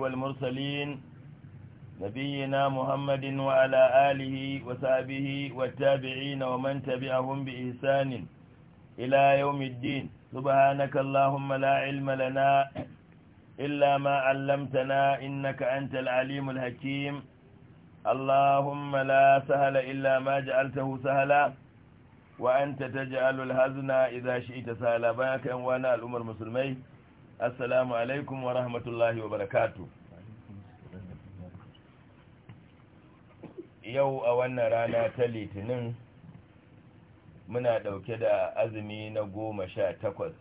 والمرسلين نبينا محمد وعلى آله وصحبه والتابعين ومن تبعهم بإحسان إلى يوم الدين سبحانك اللهم لا علم لنا إلا ما علمتنا إنك أنت العليم الحكيم اللهم لا سهل إلا ما جعلته سهلا وأنت تجعل الهزن إذا شئت سهلا باكا وأنا الأمر المسلمين assalamu alaikum wa rahmatullahi wa barakatu yau a wannan rana ta litinin muna ɗauke da azumi na goma sha takwas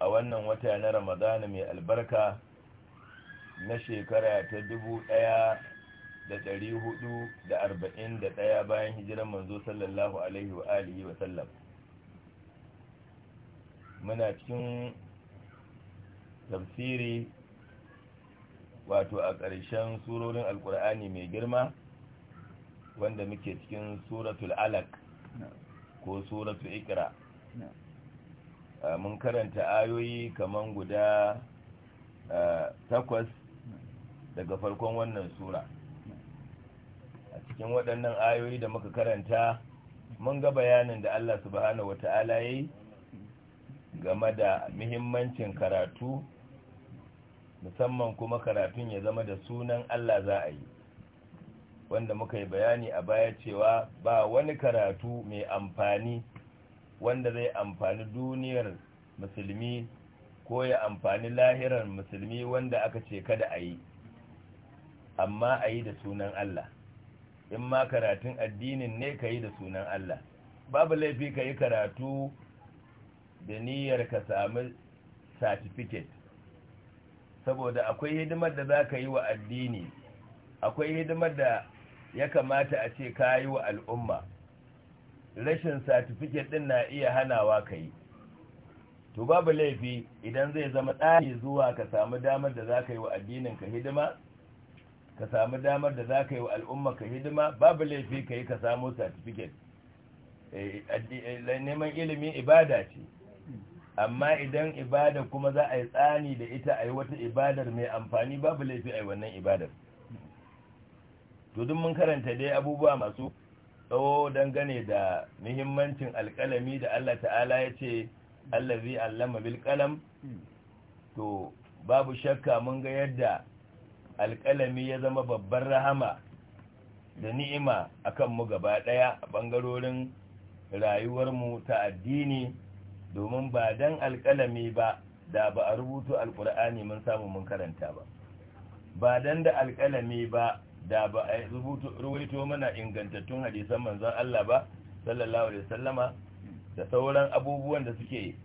a wannan wata na ramadana mai albarka na shekara ta dubu ɗaya da ɗari hudu da arba'in da ɗaya bayan hijiran manzo sallallahu alaihi wa wa sallam muna cikin tafsiri wato a ƙarshen surorin Alƙur'ani mai girma wanda muke cikin suratul alaq ko suratul ikra mun karanta ayoyi kaman guda takwas daga farkon wannan sura a cikin waɗannan ayoyi da muka karanta mun ga bayanin da Allah subhanahu wata'ala yayi game da muhimmancin karatu musamman kuma karatun ya zama da sunan Allah za a yi wanda muka yi bayani a baya cewa ba wani karatu mai amfani wanda zai amfani duniyar musulmi ko ya amfani lahirar musulmi wanda aka ce kada a yi amma a yi da sunan Allah in ma karatun addinin ne ka yi da sunan Allah babu laifi ka yi karatu da niyyar ka sami certificate saboda akwai hidimar da za ka yi wa addini akwai hidimar da ya kamata a ce ka yi wa al'umma rashin satifiket din na iya hanawa ka yi to babu laifi idan zai zama tsari zuwa ka samu damar da za ka yi wa addinin hidima ka samu damar da za ka yi wa al'umma ka hidima babu laifi ka yi ka samu satifiket eh, eh, neman ilimin ibada ce amma idan ibada kuma za a yi tsani da ita a yi wata ibadar mai amfani babu laifi a yi wannan ibadar to duk mun karanta dai abubuwa masu tsawo dangane da muhimmancin alkalami da Allah ta'ala ya ce allazi allama bil kalam to babu shakka mun ga yadda alkalami ya zama babbar rahama da ni'ima akan mu gaba daya a bangarorin rayuwarmu ta addini domin ba dan alƙalami ba da ba a rubutu alƙur'ani mun samu mun karanta ba ba dan da alƙalami ba da ba a rubuto mana ingantattun hadisan manzon Allah ba sallallahu alaihi wasallama da sauran abubuwan da suke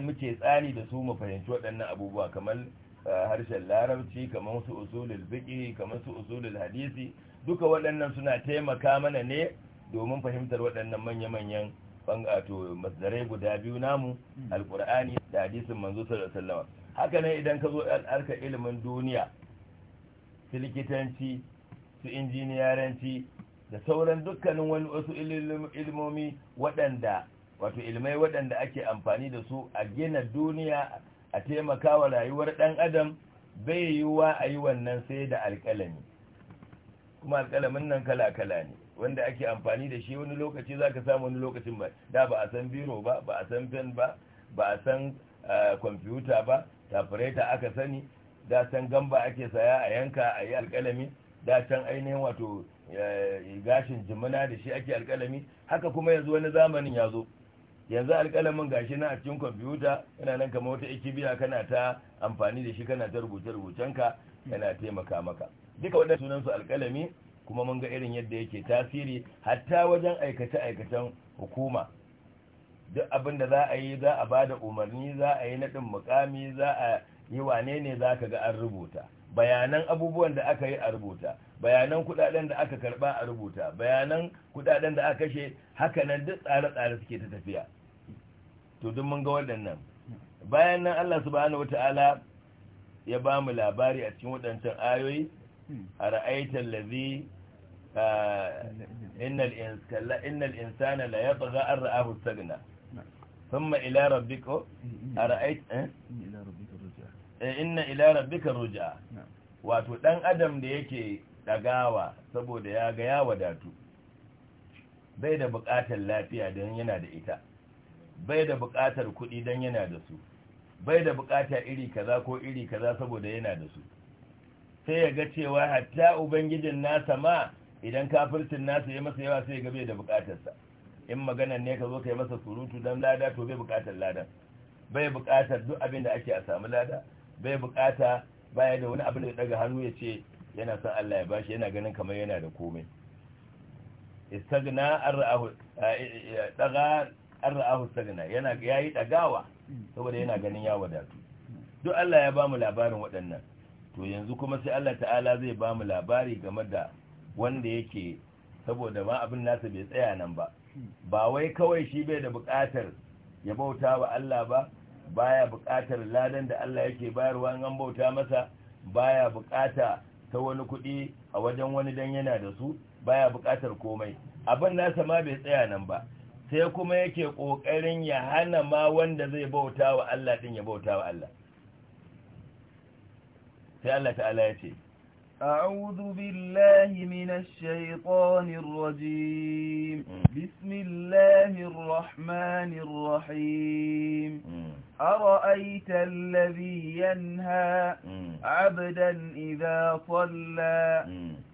muke tsani da su mu fahimci waɗannan abubuwa kamar eh, harshen larabci kamar su usulul fiqi kamar su usulul hadisi duka waɗannan suna taimaka mana ne domin fahimtar waɗannan manya-manyan bangato masdarai guda biyu namu hmm. alkur'ani da hadisin manzo sallallahu alaihi wasallam haka nan idan ka zo al'arka ilimin duniya su likitanci su injiniyaranci da sauran dukkanin wani wasu ilimomi waɗanda wato ilmai waɗanda ake amfani da su a gina duniya a taimaka wa rayuwar ɗan adam bai yiwuwa a yi wannan sai da alƙalami kuma alƙalamin nan kala-kala ne wanda ake amfani da shi wani lokaci za ka samu wani lokacin ba da ba a san biro ba ba a san pen ba ba a san eh, kwamfuta ba tafureta aka sani da can gamba ake saya a yanka a yi alkalami da can ainihin wato eh, gashin jimina da shi ake alkalami haka kuma yanzu wani zamanin ya zo yanzu alkalamin gashi na a cikin kwamfuta yana nan kamar wata ikibiya kana ta amfani da shi kana ta rubuce-rubucenka yana taimaka maka duka sunan su alkalami kuma mun ga irin yadda yake tasiri hatta wajen aikace-aikacen hukuma duk abin da za a yi za a ba da umarni za a yi naɗin mukami za a yi wane ne za ka ga an rubuta bayanan abubuwan da aka yi a rubuta bayanan kudaden da aka karba a rubuta bayanan kudaden da aka kashe nan duk tsare-tsare suke ta tafiya to duk mun ga waɗannan bayan nan Allah subhanahu wata'ala ya ba mu labari a cikin waɗancan ayoyi a ra'aitan lazi innal insana la yatgha an ra'ahu istaghna thumma ila rabbika ara'aita inna ila rabbika ruj'a wato dan adam da yake dagawa saboda ya ga ya wadatu bai da bukatar lafiya don yana da ita bai da bukatar kuɗi don yana da su bai da bukata iri kaza ko iri kaza saboda yana da su sai ya ga cewa hatta ubangijin nasa ma idan kafircin nasa ya masa yawa sai ga bai da bukatarsa in maganan ne ka zo ka yi masa surutu don lada to bai bukatar lada bai bukatar duk abin da ake a samu lada bai bukata baya da wani abin da daga hannu ya ce yana son Allah ya bashi yana ganin kamar yana da komai istagna arra'ahu daga arra'ahu istagna yana yayi dagawa saboda yana ganin ya wadatu duk Allah ya bamu labarin waɗannan to yanzu kuma sai Allah ta'ala zai bamu labari game da wanda yake saboda ma abin nasa bai tsaya nan ba ba wai kawai shi bai da buƙatar ya bauta wa Allah ba baya buƙatar ladan da Allah yake bayarwa an bauta masa baya buƙata ta wani kuɗi a wajen wani dan yana da su baya buƙatar komai abin nasa ma bai tsaya nan ba sai kuma yake ƙoƙarin ya hana ma wanda zai bauta wa Allah din ya bauta wa Allah sai Allah ta'ala ya ce أعوذ بالله من الشيطان الرجيم بسم الله الرحمن الرحيم أرأيت الذي ينهى عبدا إذا صلى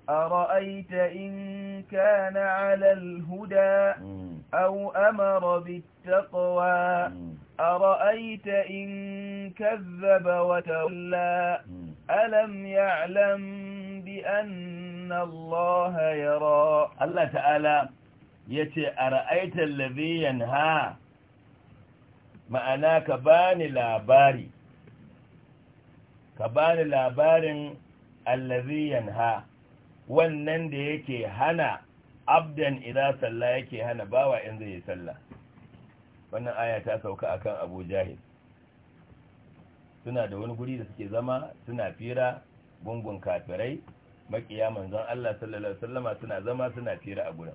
أرأيت إن كان على الهدى أو أمر بالتقوى أرأيت إن كذب وتولى ألم يعلم بأن الله يرى الله تعالى يتي أرأيت الذي ينهى ma'ana ka bani labari ka bani labarin allazi yanha wannan da yake hana abdan idan sallah yake hana bawa in zai yi sallah wannan aya ta sauka akan abu jahil suna da wani guri da suke zama suna fira gungun kafirai makiya manzon Allah sallallahu alaihi wasallama suna zama suna fira a gurin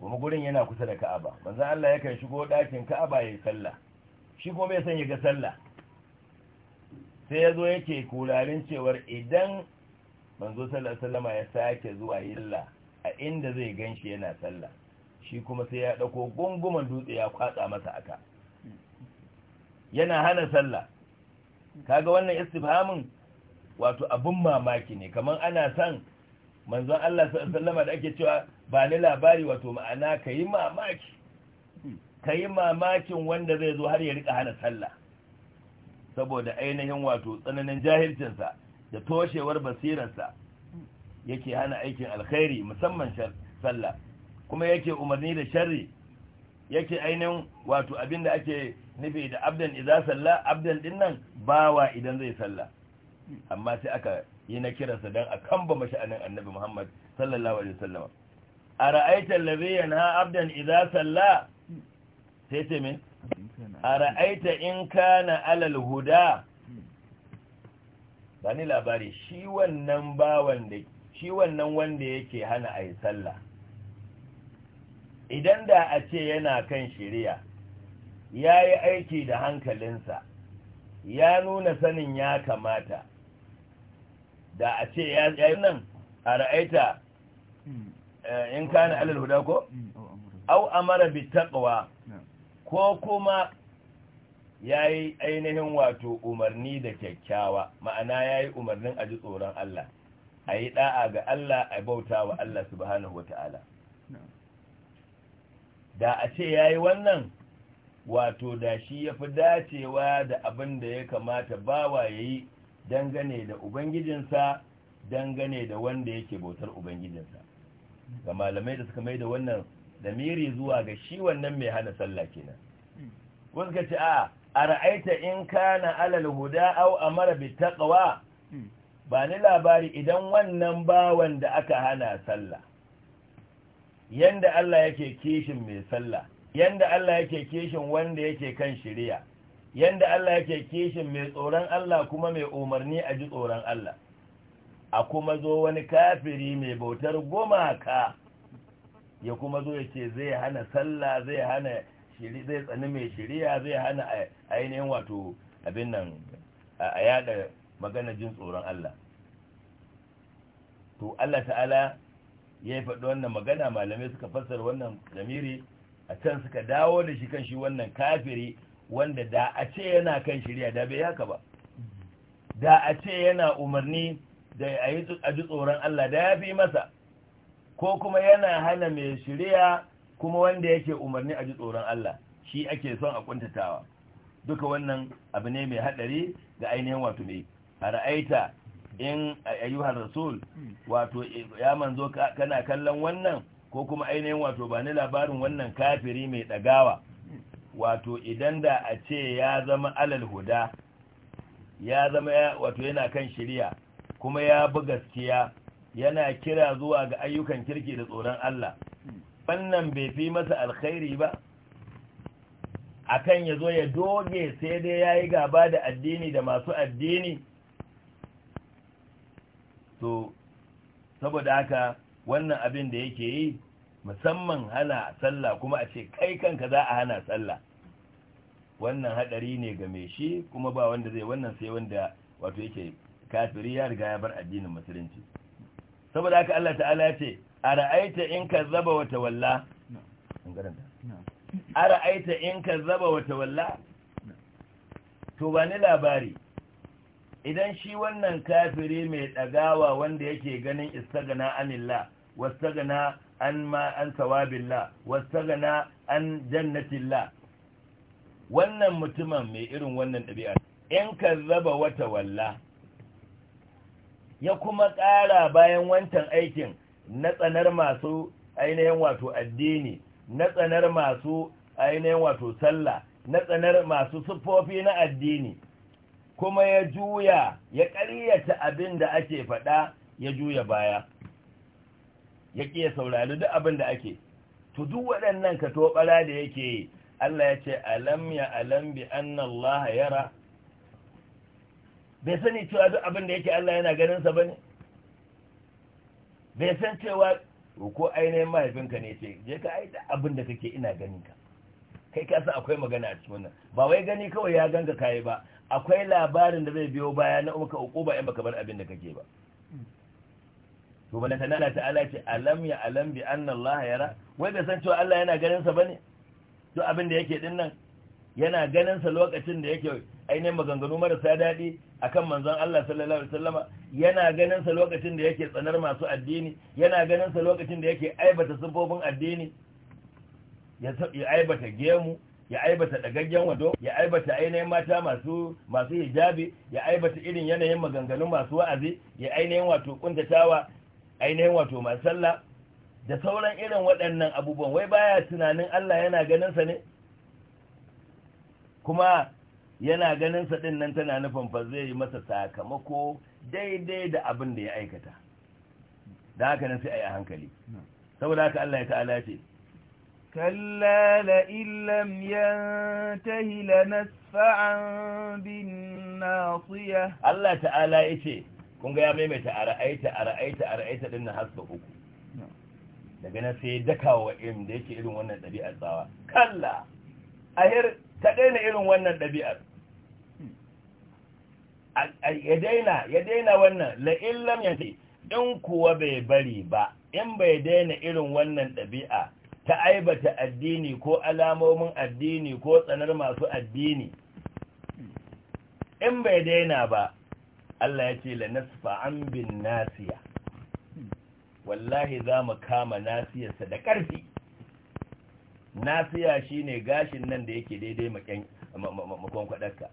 kuma gurin yana kusa da Ka'aba manzon Allah yakan shigo dakin Ka'aba yayin sallah shi kuma bai san ya ga sallah sai yazo yake kurarin cewar idan manzo sallallahu alaihi ya sake zuwa Yalla a inda zai ganshi yana sallah shi kuma sai ya dauko gunguman dutse ya kwatsa masa aka yana hana sallah kaga wannan istifhamin wato abun mamaki ne kaman ana san manzon Allah sallallahu alaihi wasallama da ake cewa ba ni labari wato ma'ana kayi mamaki kayi mamakin wanda zai zo har ya rika hana sallah saboda ainihin wato tsananin jahilcinsa da toshewar basirarsa yake hana aikin alkhairi musamman sallah kuma yake umarni da sharri yake ainihin wato abinda ake nufi da abdan idza salla abdan din nan bawa idan zai salla amma sai aka yi na kiransa dan a kamba masha'anin annabi Muhammad sallallahu alaihi wasallam ara'aita allazi yanha abdan idza salla sai sai me ara'aita in kana alal huda ba labari shi wannan bawan da shi wannan wanda yake hana a yi sallah idan da a ce yana kan shirya ya yi aiki da hankalinsa ya nuna sanin ya kamata da a ce ya yi nan a ra'aita eh, in kana alal huda ko mm, mm, mm, au amara bi taɓawa ko kuma ya yi ainihin wato umarni da kyakkyawa ma'ana ya yi umarnin a ji tsoron Allah a yi ɗa'a ga Allah a bauta wa Allah subhanahu wa ta'ala da a ce ya yi wannan wato da shi ya fi dacewa da abin da ya kamata bawa ya yi dangane da Ubangijinsa dangane da wanda yake bautar Ubangijinsa ga malamai da suka mai da wannan lamiri zuwa ga shi wannan mai hana sallah kenan wanda ka ce a ara'aita in kana alal huda aw amara bi taqwa hmm. ba ni labari idan wannan ba wanda aka hana sallah yanda Allah yake kishin mai sallah yanda Allah yake kishin wanda yake kan shari'a yanda Allah yake kishin mai tsoron Allah kuma mai umarni a ji tsoron Allah a kuma zo wani kafiri mai bautar gumaka ya kuma zo ya ce zai hana sallah zai hana zai tsani mai shirya zai hana ainihin wato abin nan a yada magana jin tsoron Allah to Allah ta'ala ya yi faɗi wannan magana malamai suka fassara wannan zamiri a can suka dawo da shi kan shi wannan kafiri wanda da a ce yana kan shirya da bai haka ba da a ce yana umarni da a ji tsoron Allah da ya fi masa ko kuma yana hana mai shirya kuma wanda yake umarni a ji tsoron Allah shi ake son a kuntatawa duka wannan abu ne mai hadari ga ainihin wato ne a ra'aita in ayyuhar rasul wato ya manzo kana kallon wannan ko kuma ainihin wato ba ni labarin wannan kafiri mai dagawa wato idan da a ce ya zama alal huda ya zama wato yana kan shirya kuma ya bi gaskiya yana kira zuwa ga ayyukan kirki da tsoron Allah wannan bai fi masa alkhairi ba akan ya zo ya doge sai dai ya yi gaba da addini da masu addini to saboda haka wannan abin da yake yi musamman hana sallah kuma a ce kai kanka za a hana sallah wannan hadari ne ga mai shi kuma ba wanda zai wannan sai wanda wato yake kafiri ya riga ya bar addinin musulunci saboda haka Allah ta'ala ya ce ara'aita in kazzaba wa tawalla ara'aita in zaba wata walla to ba ni labari idan shi wannan kafiri mai dagawa wanda yake ganin istagana anilla wastagana an ma an sawabillah wastagana an jannatillah wannan mutumin mai irin wannan ɗabi'a in ka zaba wata walla ya kuma ƙara bayan wancan aikin na tsanar masu ainihin wato addini na tsanar masu ainihin wato sallah na tsanar masu siffofi na addini kuma ya juya ya ƙaryata abin da ake faɗa ya juya baya ya ya saurari duk abin da ake to duk waɗannan ka toɓara da yake yi Allah ya ce alam ya alam bi anna Allah yara bai sani cewa duk abin da yake Allah yana ganin sa ne? bai san cewa ko ainihin mahaifinka ne ce je ka aida abin da kake ina ganin ka kai ka san akwai magana a cikin wannan ba wai gani kawai ya ganga kai ba akwai labarin da zai biyo baya na umka uku ba in baka bar abin da kake ba to bala ta nana ta'ala ce alam ya alam bi anna Allah yara wai bai san cewa Allah yana ganin sa bane to abin da yake din nan yana ganin sa lokacin da yake ainihin maganganu marasa daɗi akan manzon Allah sallallahu alaihi wasallama yana ganin sa lokacin da yake tsanar masu addini yana ganin sa lokacin da yake aibata sifofin addini ya aibata gemu ya aibata dagaggen wado ya aibata ainihin mata masu masu hijabi ya aibata irin yanayin maganganu masu wa'azi ya ainihin wato kuntatawa ainihin wato masu sallah da sauran irin waɗannan abubuwan wai baya tunanin Allah yana ganin sa ne kuma yana ganin sa din nan tana nufin fa zai yi masa sakamako daidai da abin da ya aikata da haka nan sai a hankali saboda haka Allah ya ta'ala ce كلا لئن لم ينته bin nasiya Allah ta'ala yace kun ga ya maimaita a ra'aita a ra'aita a ra'aita din na haska uku daga nan sai dakawa wa im da yake irin wannan ɗabi'ar tsawa kalla ahir ta daina irin wannan ɗabi'ar ya daina ya daina wannan la'illam ya ce in kuwa bai bari ba in bai daina irin wannan ɗabi'a ta aibata addini ko alamomin addini ko tsanar masu addini in bai daina ba Allah ya ce la nasfa an bin nasiya wallahi za mu kama nasiyarsa da ƙarfi nafiya shine gashin nan da yake daidai makon kwadarka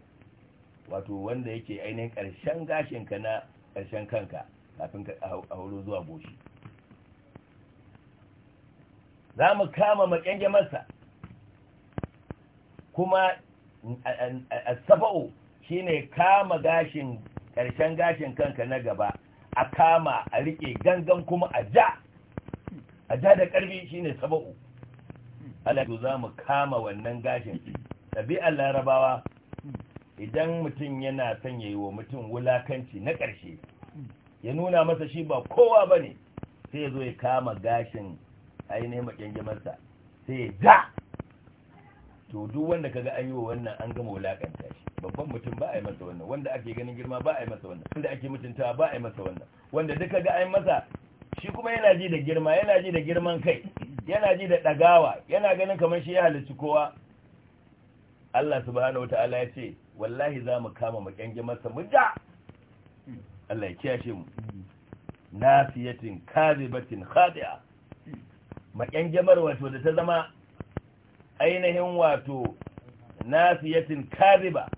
wato wanda yake ainihin ƙarshen gashinka na ƙarshen kanka kafin ka a zuwa goshi za mu kama makyange masa kuma asaba'u shine kama gashin karshen gashin kanka na gaba a kama a riƙe gangan kuma a ja a ja da ƙarfi shine saba'u Allah to za mu kama wannan gashin ɗabi'ar larabawa idan mutum yana son ya yi wa mutum wulakanci na ƙarshe ya nuna masa shi ba kowa ba ne sai ya zo ya kama gashin ainihin makyangimarsa sai ya da to duk wanda kaga an yi wa wannan an gama wulakanta shi babban mutum ba a yi masa wannan wanda ake ganin girma ba a yi masa wannan wanda ake mutuntawa ba a yi masa wannan wanda duka ga an masa shi kuma yana ji da girma yana ji da girman kai yana ji da ɗagawa yana ganin kamar shi ya halarci kowa Allah subhanahu ta'ala ya ce wallahi za mu kama makyange masa mujja Allah ya kiyashe mu nasiyatin kazibatin khadi'a makyangemar wato da ta zama ainihin wato nasiyatin kaziba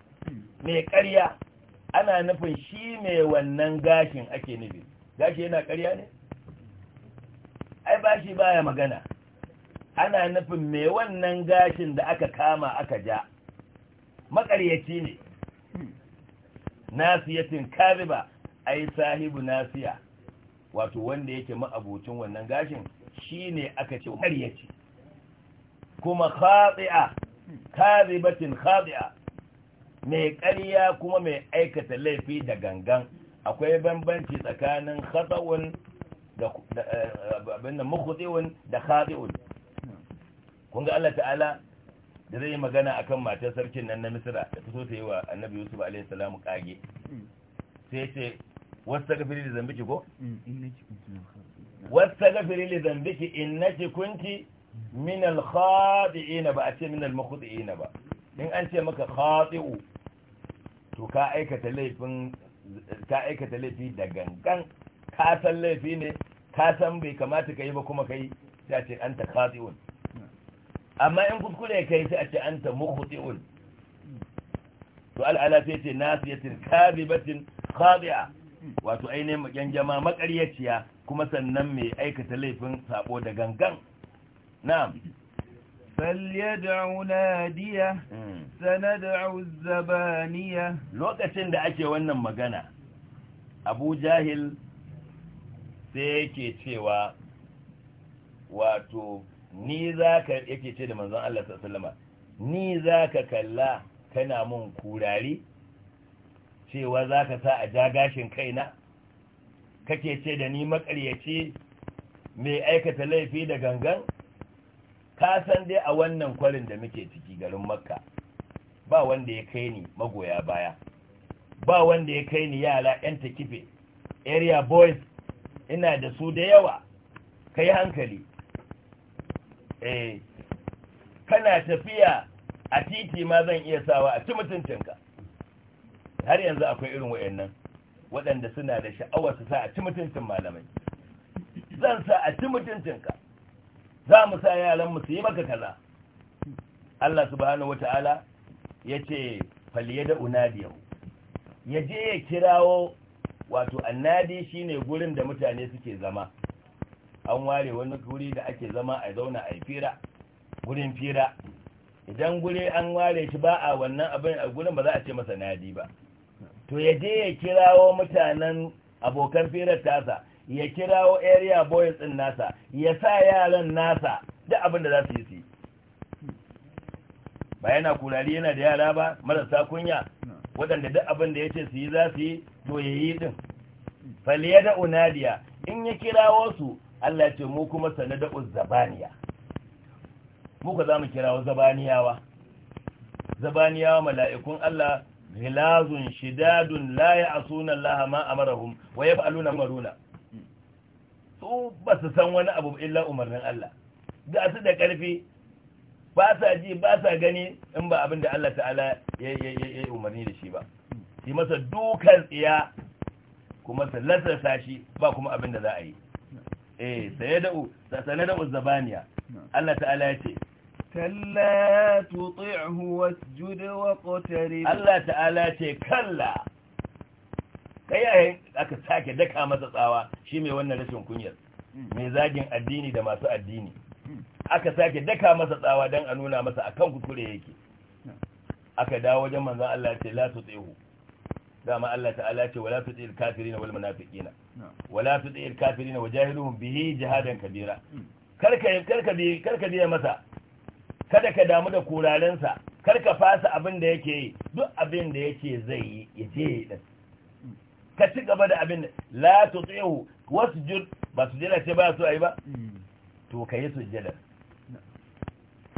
mai karya. ana nufin shi mai wannan gashin ake nufi gashi yana karya ne ai bashi baya magana ana nufin me wannan gashin da aka kama aka ja makaryaci ne nasiyatin kariba ai sahibu nasiya wato wanda yake ma'abucin wannan gashin shine aka ce makaryaci kuma khati'a kazibatin khati'a mai ƙarya kuma mai aikata laifi da gangan akwai bambanci tsakanin khata'un da eh, abin da khadi'un kun ga Allah ta'ala da zai magana akan matar sarkin nan na Misra da ta so ta yi wa Annabi Yusuf alayhi Salam kage sai ce gafiri li zambiki ko wastaghfiri li zambiki innaki kunti min al-khati'ina ba a ce min al-mukhti'ina ba in an ce maka khadi'u to ka aikata laifin ka aikata laifi da gangan ka san laifi ne ka san bai kamata ka yi ba kuma kai sai a ce an ta khati'un amma in kuskure kai sai a ce an ta mukhti'un to al'ala sai ce nasiyatin kadibatin khadi'a wato ainihin maganjama makaryaciya kuma sannan mai aikata laifin sabo da gangan na'am فليدعو نادية سندعو الزبانية Lokacin da ake wannan magana Abu Jahil sai yake cewa wato ni za ka yake ce da manzon Allah sallama ni za ka kalla kana mun kurari cewa za ka sa a ja gashin kaina kake ce da ni makaryaci mai aikata laifi da gangan ka san dai a wannan kwarin da muke ciki garin makka ba wanda ya kai ni magoya baya ba wanda ya kai ni yara 'yan kife. area boys ina da su da yawa ka yi hankali eh kana tafiya a titi ma zan iya sawa a ci mutuncinka har yanzu akwai irin wayannan waɗanda suna da sha'awar su sa a ci mutuncin malamai zan sa a ci mutuncinka za mu sa yaran mu su yi maka kaza Allah subhanahu wata'ala ya ce faliye da unadiyahu ya je ya kirawo wato annadi shine gurin da mutane suke zama an ware wani guri da ake zama a zauna a fira gurin fira idan guri an ware shi ba a wannan abin a gurin ba za a ce masa nadi ba to ya je ya kirawo mutanen abokan firar tasa ya kirawo area boys din nasa ya sa yaran nasa duk abin da za su yi su yi. ba yana kurari yana da yara ba marasa kunya waɗanda duk abin da ya ce su yi za su yi to ya yi ɗin faliya da unadiya in ya kirawo su Allah ce mu kuma sane da zabaniya muka za mu kirawo zabaniyawa zabaniyawa mala'ikun Allah gilazun shidadun la a sunan Allah ma amarahum wa ya maruna su ba su san wani abu illa umarnin Allah ga su da ƙarfi ba sa ji ba sa gani in ba abin da Allah ta'ala ya yi umarni da shi ba shi masa dukan tsiya kuma sa shi ba kuma abin da za a yi eh saye da'u sasane da'u zabaniya Allah ta'ala ya ce kalla tuti'hu wasjud wa Allah ta'ala ce kalla kai ai aka sake daka masa tsawa shi mai wannan rashin kunyar hmm. mai zagin addini da masu addini aka sake daka masa tsawa don a nuna masa akan kuskure yake aka dawo wajen manzon Allah ce la tutihu dama Allah ta'ala ce wala tutil kafirina wal munafiqina wala tutil kafirina wajahiluhum bihi jihadan kabira karka karka bi karka biya masa kada ka damu da kurarensa karka fasa abin da yake yi duk abin da yake zai yi ya je din ka ci gaba da abin la Wasu wasjud ba sujada ce ba su ayi ba mm. to kai sujada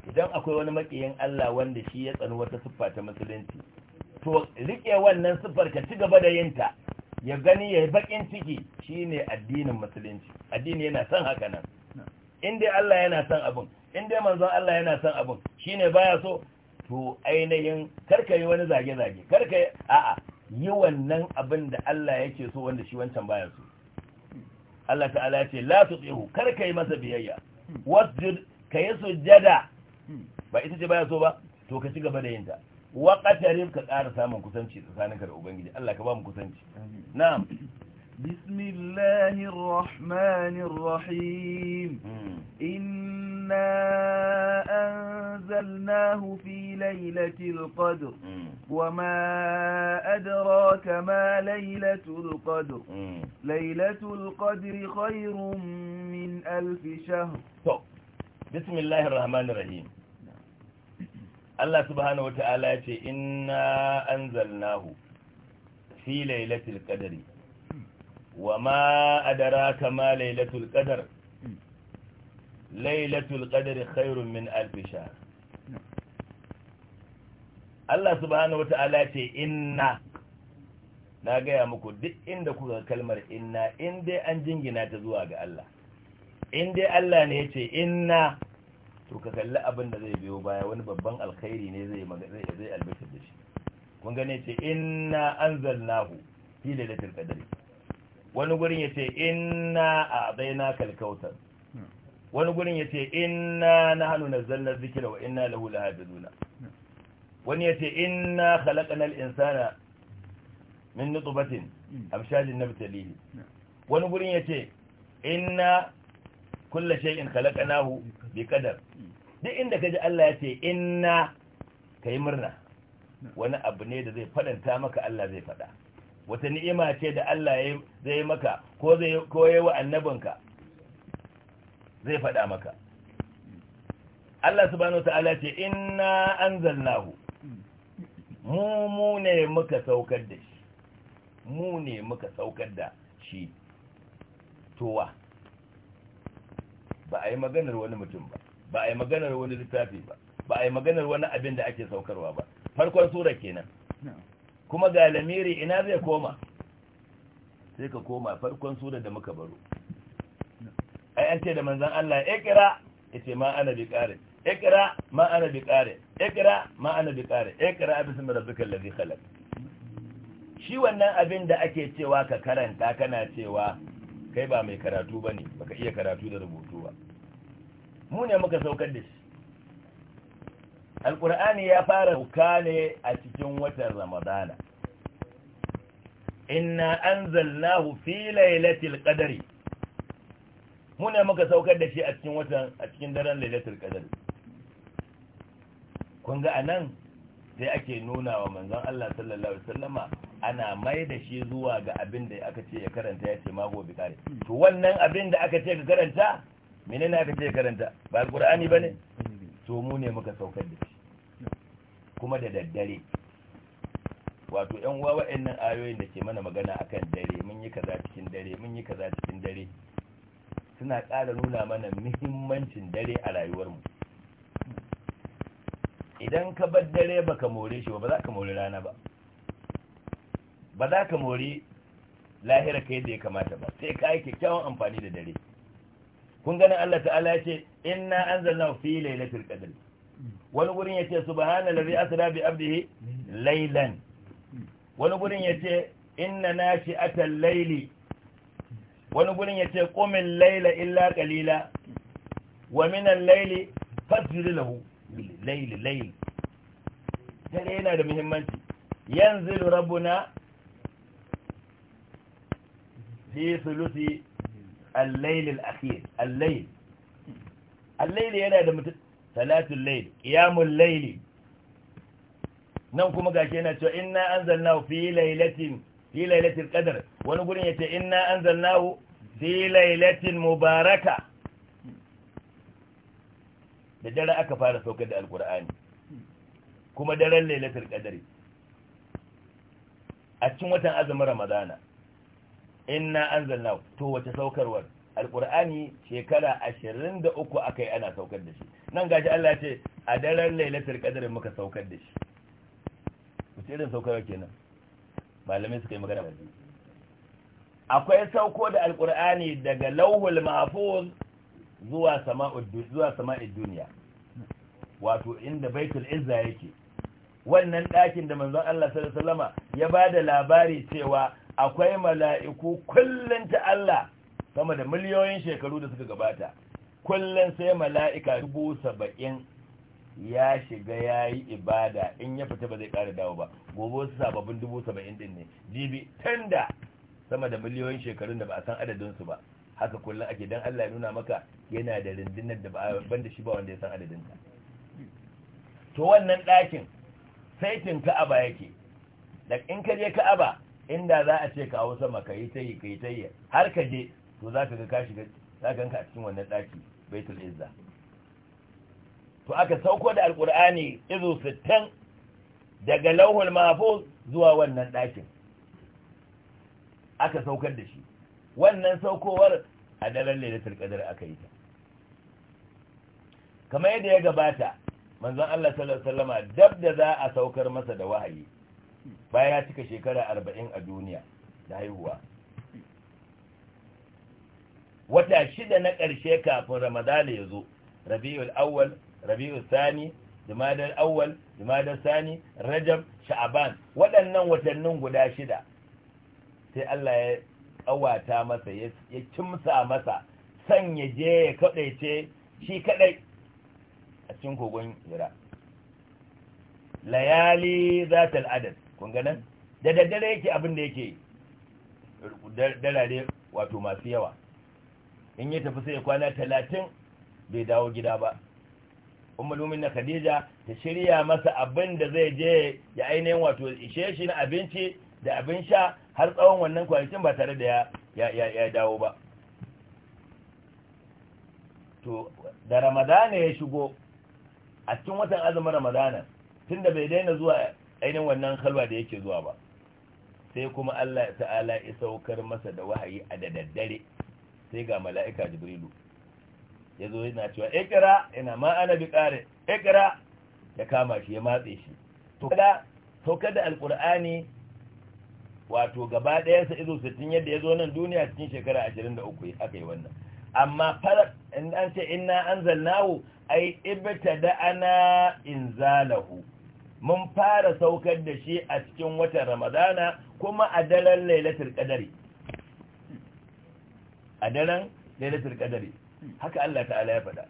idan akwai wani makiyin Allah wanda shi ya tsani wata siffa ta musulunci to rike wannan siffar ka ci gaba da yinta ya gani ya yi bakin ciki shine addinin musulunci addini yana son haka nan inda Allah yana son abin inda manzon Allah yana son abin shine baya so to ainihin karka yi wani zage-zage karka a'a yi wannan abin da Allah yake so wanda shi wancan baya so Allah ta'ala ya ce la tuqihu karka yi masa biyayya wasjud kayi sujjada ba ita ce ya so ba to ka ci gaba da yin ta wa qatarin ka ƙara samun kusanci tsakaninka da ubangiji Allah ka ba mu kusanci na'am bismillahir rahmanir rahim hmm. inna anzalnahu fi lailatul qadr وما أدراك ما ليلة القدر ليلة القدر خير من ألف شهر بسم الله الرحمن الرحيم Allah subhanahu wata'ala ya ce inna anzalnahu fi lailatul ƙadari, wa ma adraka ma lailatul qadr lailatul qadri khairun min alf shahr Allah subhanahu wata'ala ce inna na gaya muku duk inda kuka kalmar inna in dai an jingina ta zuwa ga Allah in dai Allah ne ya ce inna to ka kalli abin da zai biyo baya wani babban alkhairi ne zai zai albishir da shi kun gane ce inna anzalnahu fi lailatul qadr wani gurin yace inna a'dayna kautar wani gurin yace inna nahnu nazzalna dhikra wa inna lahu lahafizuna wani yace inna al insana min nutfatin amshajin nabtalihi wani gurin yace inna kullu shay'in khalaqnahu bi kadar duk inda kaji Allah ya ce inna kai murna wani abu ne da zai fadanta maka Allah zai fada wata ni'ima ce da Allah zai maka ko zai koye wa annabinka zai fada maka Allah subhanahu ta'ala ce inna anzalnahu mu mu ne muka saukar da shi mu ne muka saukar da shi towa ba a yi maganar wani mutum ba ba a yi maganar wani littafi ba ba a yi maganar wani abin da ake saukarwa ba farkon sura kenan kuma ga lamiri ina zai koma sai ka koma farkon sura da muka baro ai an ce da manzon Allah ikra yace ma ana bi kare ikra ma ana bi kare ikra ma ana bi kare ikra bismi rabbikal ladhi khalaq shi wannan abin da ake cewa ka karanta kana cewa kai ba mai karatu ba ne baka iya karatu da rubutu ba mu ne muka saukar da shi alkur'ani ya fara sauka ne a cikin watan ramadana inna anzalnahu fi lailatul qadari mu ne muka saukar da shi a cikin watan a cikin daren lailatul qadari kun ga anan sai ake nuna wa manzon Allah sallallahu alaihi wasallama ana mai da shi zuwa ga abin da aka ce ya karanta ya ce mago bi kare hmm. to wannan abin da aka ce ka karanta menene aka ce ya karanta ba alqur'ani bane to mu ne muka saukar da shi kuma da daddare wato yan uwa wa'annan ayoyin da ke mana magana akan dare mun yi kaza cikin dare mun yi kaza cikin dare suna ƙara nuna mana muhimmancin dare a rayuwar mu idan ka bar dare baka more shi ba ba za ka more rana ba ba za ka mori lahira ka yadda ya kamata ba sai ka yi kyakkyawan amfani da dare kun gani Allah ta'ala ya ce inna anzalna fi lailatul qadr wani gurin ya ce subhanallazi asra bi abdihi laylan wani gurin ya ce inna nashi'atal layli wani gurin ya ce qumil layla illa qalila wa al layli fajr lahu layli layli dare yana da muhimmanci yanzu rabbuna fi sulusi al-layl al-akhir yana da mutum salatul layl qiyamul layl nan kuma gashi yana cewa inna anzalnahu fi laylatin fi laylatil qadr wani gurin yace inna anzalnahu fi laylatin mubaraka da dare aka fara saukar da alkur'ani kuma daren lailatul qadri a cikin watan azumin ramadana inna anzalnahu to wace saukarwar alqur'ani shekara 23 akai ana saukar da shi nan gashi Allah ya ce a daren lailatul qadr muka saukar da shi wace irin saukarwa kenan malamai suka yi magana ba akwai sauko da alqur'ani daga lauhul mahfuz zuwa sama'ud zuwa sama'id duniya wato inda baitul izza yake wannan ɗakin da manzon Allah sallallahu alaihi wasallama ya bada labari cewa akwai mala'iku kullum ta Allah sama da miliyoyin shekaru da suka gabata kullum sai mala'ika dubu saba'in ya shiga ya yi ibada in ya fita ba zai ƙara dawo ba gobe su sababbin dubu saba'in din ne jibi tun da sama da miliyoyin shekarun da ba a san adadinsu ba haka kullum ake don Allah ya nuna maka yana da rundunar da ban da shi ba wanda ya san adadinta to wannan ɗakin saitin ka'aba yake da in ka je ka'aba inda za a ce kawo sama ka yi ta yi ka yi ta yi har ka je to za ka ga ka shiga za ka ganka a cikin wannan ɗaki baitul izza to aka sauko da Alƙur'ani izu sittin daga lauhul mahfuz zuwa wannan ɗakin aka saukar da shi wannan saukowar a daren lailatul qadr aka yi ta kamar yadda ya gabata manzon Allah sallallahu alaihi wasallama dab da za a saukar masa da wahayi bayan ya cika shekara arba'in a duniya da haihuwa wata shida na ƙarshe kafin ramadana ya zo rabi'ul awwal rabi'ul sani jumadar awwal jumadar sani rajab sha'aban waɗannan watannin guda shida sai Allah ya ƙawata masa ya kimsa masa san ya je ya kaɗaice shi kaɗai a cikin kogon jira. layali za ta kun nan da daddare yake abin da yake darare wato masu yawa in ya tafi sai kwana talatin bai dawo gida ba umarumin na khadija ta shirya masa abin da zai je ya ainihin wato ishe shi na abinci da abin sha har tsawon wannan kwanakin ba tare da ya dawo ba to da ramadana ya shigo a cikin watan azumin ramadana tun da bai daina zuwa ainihin wannan halwa da yake zuwa ba sai kuma Allah ta'ala ya saukar masa da wahayi a da daddare sai ga mala'ika jibrilu ya zo yana cewa ikira yana ma'ana bi ƙare ikira ya kama shi ya matse shi To kada alƙur'ani wato gaba ɗaya sa, izo sittin yadda ya zo nan duniya cikin shekara ashirin da uku aka yi wannan amma farar in an ce ina an zalnahu ai ibta da ana in zalahu mun fara saukar da shi a cikin watan ramadana kuma a daren lailatul qadari a daren lailatul qadari haka Allah ta'ala ya faɗa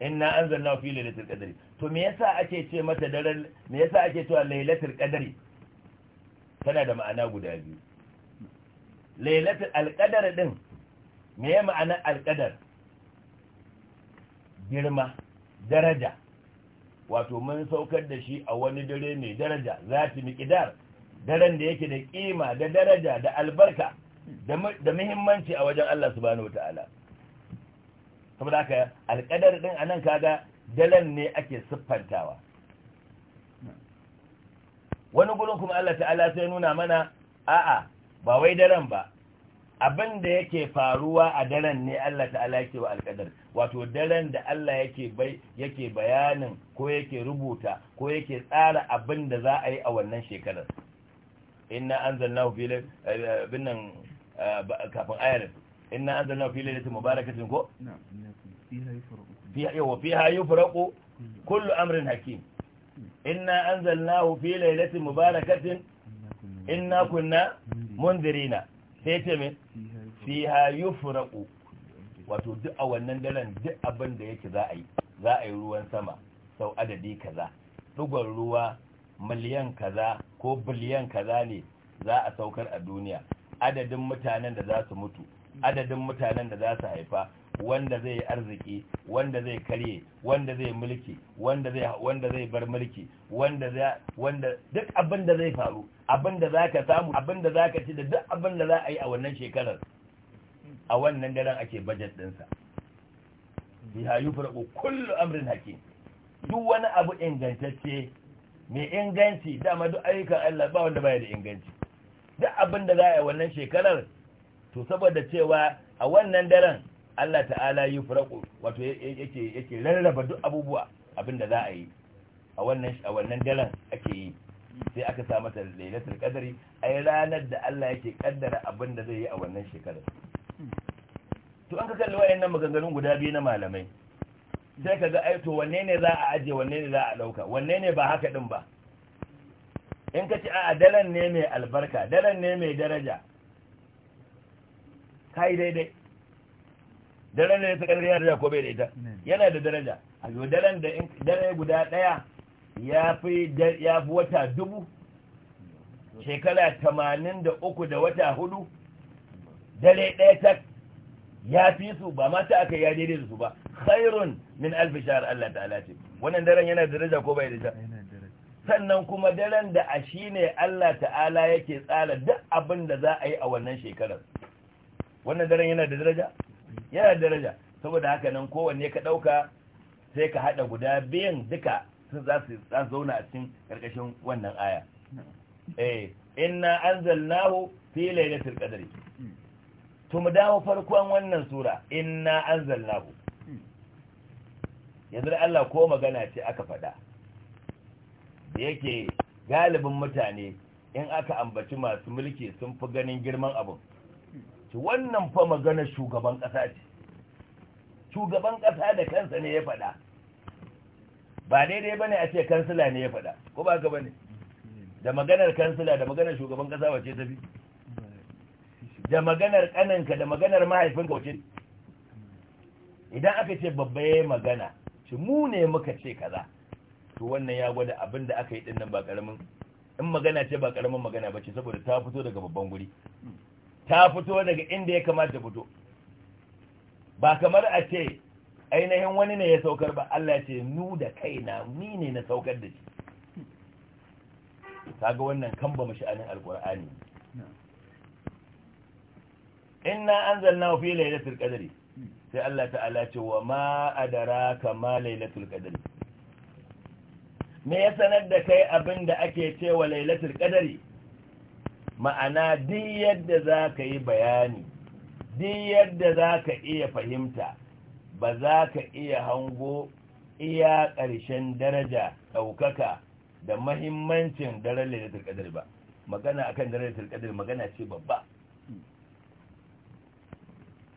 inna anzalna fi lailatul qadri to me yasa ake ce mata daren me yasa ake cewa lailatul qadri tana da ma'ana guda biyu lailatul alqadar din me ya ma'ana alqadar girma daraja wato mun saukar da shi a wani dare mai daraja za zati miqdar daren da yake da kima da daraja da albarka da muhimmanci a wajen Allah subhanahu ta'ala saboda haka alƙadar din anan kaga dalan ne ake siffantawa wani gurin kuma Allah ta'ala sai nuna mana a'a ba wai daren ba abin da yake faruwa a daren ne Allah ta'ala yake wa alƙadar wato daren da Allah yake bai yake bayanin ko yake rubuta ko yake tsara abin da za a yi a wannan shekarar inna anzalnahu fi binnan kafin ayar inna anzalnahu fi lailatin mubarakatin ko fiha wa fiha yufraqu kullu amrin hakim inna anzalnahu fi lailatin mubarakatin inna kunna munzirina sai ce mai fiha yufraqu wato duk a wannan daren duk abin da yake za a yi za a yi ruwan sama sau adadi kaza dugon ruwa miliyan kaza ko biliyan kaza ne za a saukar a duniya adadin mutanen da za su mutu adadin mutanen da za su haifa wanda zai yi arziki wanda zai karye wanda zai mulki wanda zai wanda zai bar mulki wanda zai wanda duk abin da zai faru abin da zaka samu abin da zaka ci da duk abin da za a yi a wannan shekarar a wannan daren ake budget dinsa biha yufraqu kullu amrin hakim duk wani abu ingantacce mai inganci dama duk ayyukan Allah ba wanda baya da inganci duk abin da za a yi a wannan shekarar to saboda cewa a wannan daren Allah ta'ala yi furaku wato yake yake rarraba duk abubuwa abinda za a yi a wannan a wannan daren ake yi sai aka sa mata lailatul qadri ai ranar da Allah yake kaddara abinda zai yi a wannan shekarar to an ka kalli wayannan maganganun guda biyu na malamai sai ka ga aito wanne ne za a aje wanne ne za a dauka wanne ne ba haka din ba in ka ci a daren ne mai albarka daren ne mai daraja kai daidai daren da ya sakar yana da ko bai da ita yana da daraja a yau daren da dare guda daya ya fi ya fi wata dubu shekara tamanin da uku da wata hudu dare daya ta ya fi su ba ma ta aka ya daidai da su ba khairun min alfi shahar Allah ta'ala ce wannan daren yana da daraja ko bai da ita sannan kuma daren da a shi ne Allah ta'ala yake tsara duk abin da za a yi a wannan shekarar wannan daren yana da daraja yana daraja saboda haka nan kowanne ka ɗauka sai ka haɗa guda biyan duka sun za su zauna a cikin ƙarƙashin wannan aya eh inna anzalnahu fi lailatul qadri to mu dawo farkon wannan sura inna anzalnahu yanzu Allah ko magana ce aka faɗa Da yake galibin mutane in aka ambaci masu mulki sun fi ganin girman abin ci wannan fa magana shugaban ƙasa ce shugaban ƙasa da kansa ne ya faɗa ba daidai bane a ce kansila ne ya faɗa ko ba ka bane da maganar kansila da maganar shugaban ƙasa wace tafi da maganar kananka da maganar mahaifinka wace idan aka ce babba ya magana shi mu ne muka ce kaza to wannan ya gwada abin da aka yi din nan ba karamin in magana ce ba karamin magana ba ce saboda ta fito daga babban guri ta fito daga inda ya kamata fito ba kamar a ce ainihin wani ne ya saukar ba Allah ce nu da kaina ni ne na saukar da shi kaga wannan kan ba masha'anin alkur'ani inna zanna fi lailatul qadri sai Allah ta'ala ce wa ma adraka ma lailatul qadri me ya sanar da kai abinda ake cewa lailatul qadri ma'ana duk yadda za ka yi bayani duk yadda za ka iya fahimta ba za ka iya hango iya ƙarshen daraja ɗaukaka da mahimmancin daren lailatul ba magana akan daren lailatul magana ce babba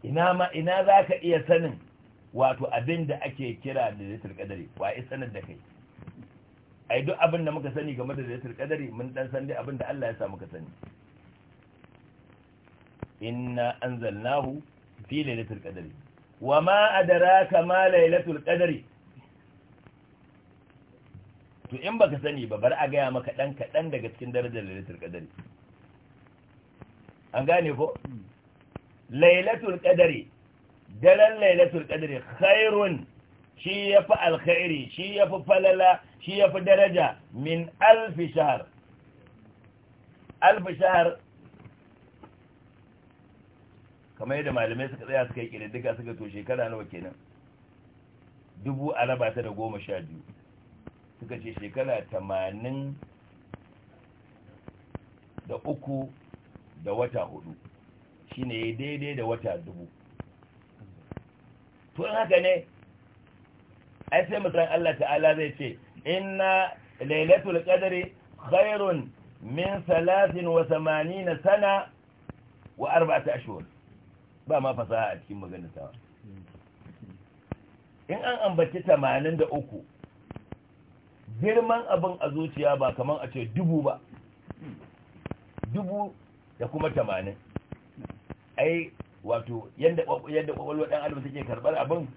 ina ma ina zaka iya sanin wato abin da ake kira da lailatul qadr wa ya sanar da kai A yi duk abin da muka sani game da lailatul qadari mun dan san dai abin da Allah ya sa muka sani inna anzalnahu fi lailatul qadari wa ma adraka ma lailatul qadari to in baka sani ba bar a gaya maka dan kadan daga cikin darajar lailatul qadari an gane ko lailatul qadari daren lailatul qadari khairun shi yafi alkhairi shi yafi falala shi ya fi daraja min alfi shahar alfi shahar kamar yadda malamai suka tsaya suka yi duka suka to shekara nawa kenan dubu alaba ta da goma sha biyu suka ce shekara tamanin da uku da wata hudu shi ne daidai da wata dubu tun haka ne ai sai mutum Allah ta'ala zai ce inna lailatul qadri khairun min 83 sana wa arba'ata ashhur ba ma fasaha a cikin maganar tawa in an ambaci 83 girman abin a zuciya ba kaman a ce dubu ba dubu da kuma 80 ai wato yadda kwakwalwa ɗan adam suke karɓar abin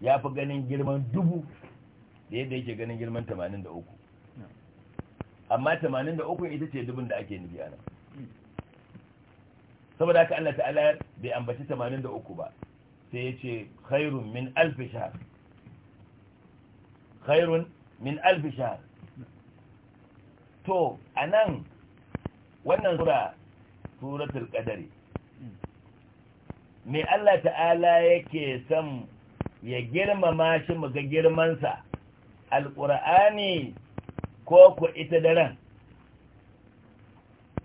ya fi ganin girman dubu da yadda yake ganin girman 83 amma 83 ita ce dubin da ake nufi ana saboda haka Allah ta'ala bai ambaci 83 ba sai ya ce khairun min alfi shahar. khairun min alfi shahar? to A nan, wannan sura suratul kadari me Allah ta'ala yake son ya girmama shi mu ga girmansa Al'ur'ani ko ku ita daren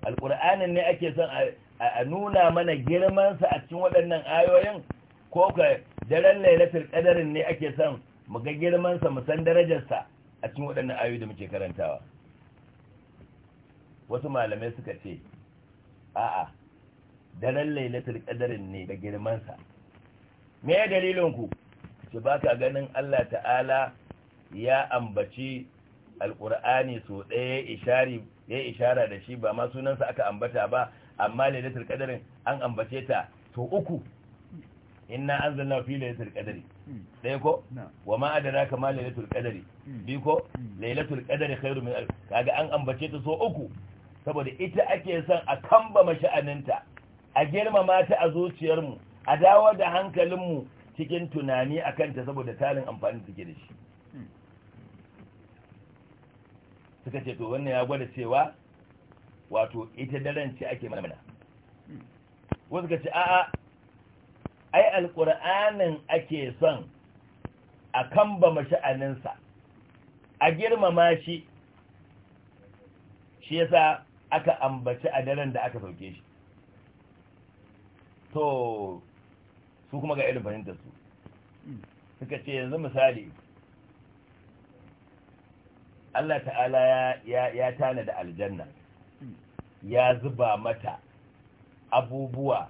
alƙur'anin ne ake son a nuna mana girmansa a cikin waɗannan ayoyin ko ka daren lailatul ƙadarin ne ake son mu ga girmansa mu san darajarsa a cikin waɗannan ayoyi da muke karantawa wasu malamai suka ce a'a daren lailatul ƙadarin ne da girmansa me dalilinku su ba ka ganin Allah ta'ala ya ambaci alkur'ani so ɗaya ya ishara da shi ba ma sunansa aka ambata ba amma lailatul qadarin an ambace ta to uku inna anzalna fi lailatul qadari ɗaya ko wa ma adraka ma lailatul qadari hmm. bi ko lailatul qadari khairu min kaga an ambace ta so uku saboda ita ake son a kamba masha'aninta a girmama ta a zuciyarmu a dawo da hankalinmu cikin tunani akan ta saboda talin amfani take da shi suka ce to wannan ya gwada cewa wato ita daren ce ake mana wasu ka ce a'a ai alƙur'anin ake son a kan ba a girmama shi shi yasa aka ambaci a daren da aka sauke shi to su kuma ga irin fahimtar su suka ce yanzu misali Allah ta'ala ya ya tana da aljanna ya zuba mata abubuwa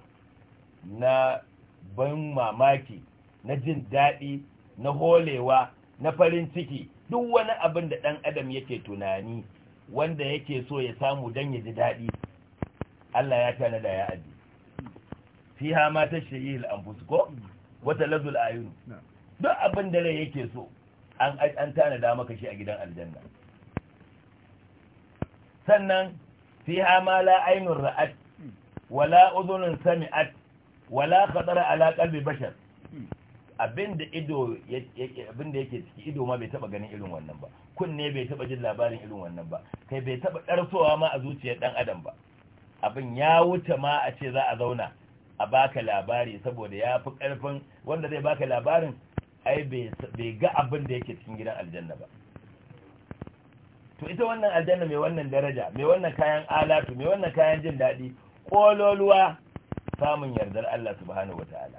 na ban mamaki na jin daɗi na holewa na farin ciki duk wani abin da ɗan adam yake tunani wanda yake so ya samu don ya ji daɗi Allah ya tana da ya aji fi hama ta shayi ko wata lazul ayun duk abin da rai yake so an tana da maka shi a gidan aljanna sannan fiha ma la ainun ra'at wala udhunun sami'at wala khatara ala qalbi bashar abinda ido abinda yake ciki ido ma bai taba ganin irin wannan ba kunne bai taba jin labarin irin wannan ba kai bai taba darsowa ma a zuciyar ɗan adam ba abin ya wuce ma a ce za a zauna a baka labari saboda ya fi karfin wanda zai baka labarin ai bai ga abinda da yake cikin gidan aljanna ba to ita wannan aljanna mai wannan daraja mai wannan kayan alatu mai wannan kayan jin daɗi ƙololuwa samun yardar Allah subhanahu Ta'ala.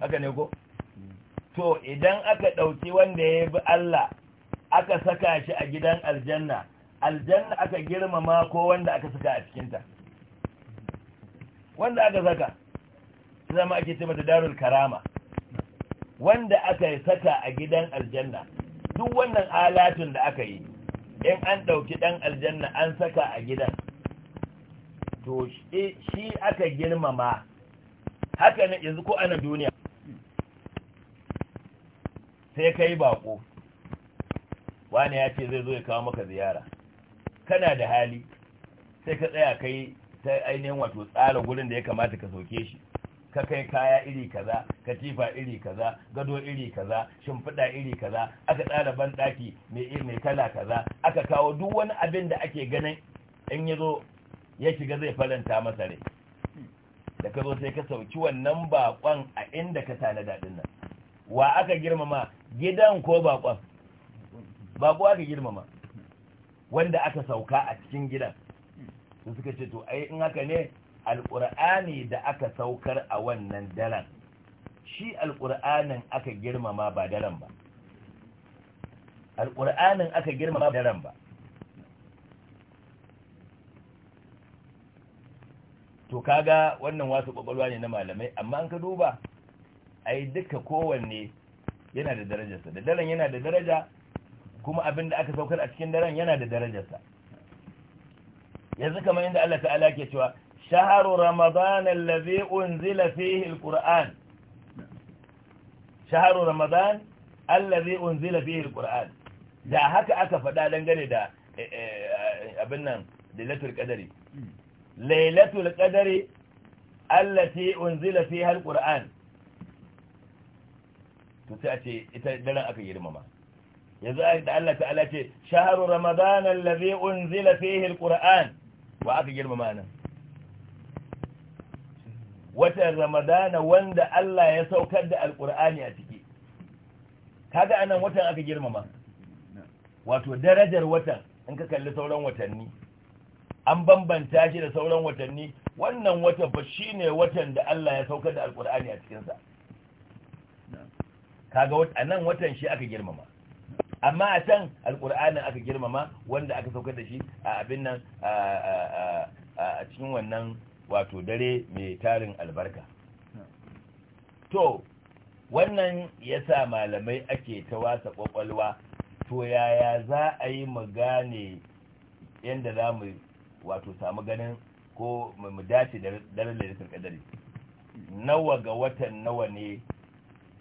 haka ne ko to idan aka ɗauki wanda ya bi Allah aka saka shi a gidan aljanna aljanna aka girmama ko wanda aka saka a cikinta wanda aka saka zama ake ce mata darul karama wanda aka saka a gidan aljanna duk wannan alatun da aka yi in an ɗauki ɗan aljanna an saka a gidan to shi aka girmama haka na yanzu ko ana duniya sai ka yi bako wani ya ce zai zo ya kawo maka ziyara kana da hali sai ka tsaya kai ta ainihin wato tsara gurin da ya kamata ka soke shi ka kai kaya iri kaza katifa iri kaza gado iri kaza shimfiɗa iri kaza aka tsara banɗaki mai kala kaza aka kawo duk wani abin da ake ganin in ya zo ya shiga zai faranta masa rai da ka zo sai ka sauki wannan bakon a inda ka tana daɗin nan wa aka girmama gidan ko bakon bako aka girmama wanda aka sauka a cikin gidan su suka ce to ai in haka ne alƙur'ani da aka saukar a wannan daren shi alƙur'anin aka girmama ba daren ba alƙur'anin aka girmama ba daren ba to kaga wannan wasu ƙwaƙwalwa ne na malamai amma an ka duba ai duka kowanne yana da darajarsa da daren yana da daraja kuma abin da aka saukar a cikin daren yana da darajarsa yanzu kamar inda Allah ta'ala ke cewa شهر رمضان الذي أنزل فيه القرآن شهر رمضان الذي أنزل فيه القرآن da haka aka faɗa dangane da abin nan lailatul qadari lailatul qadari allati unzila fiha alquran to sai a ce ita daren aka girmama yanzu a da Allah ta'ala ce shahru wa aka girmama nan watan ramadana wanda Allah ya saukar da Alƙur'ani a ciki kaga anan watan aka girmama wato darajar watan in ka kalli sauran watanni an bambanta shi da sauran watanni wannan watan shi shine watan da Allah ya saukar da Alƙur'ani a cikinsa kaga anan watan shi aka girmama amma a can alkur'anin aka girmama wanda aka saukar da shi a abin nan a cikin wannan wato dare mai tarin albarka to wannan ya sa malamai ake ta wasa kwakwalwa to yaya za a yi mu gane yadda za mu wato samu ganin ko mu dace da lailatul kadari? nawa ga watan nawa ne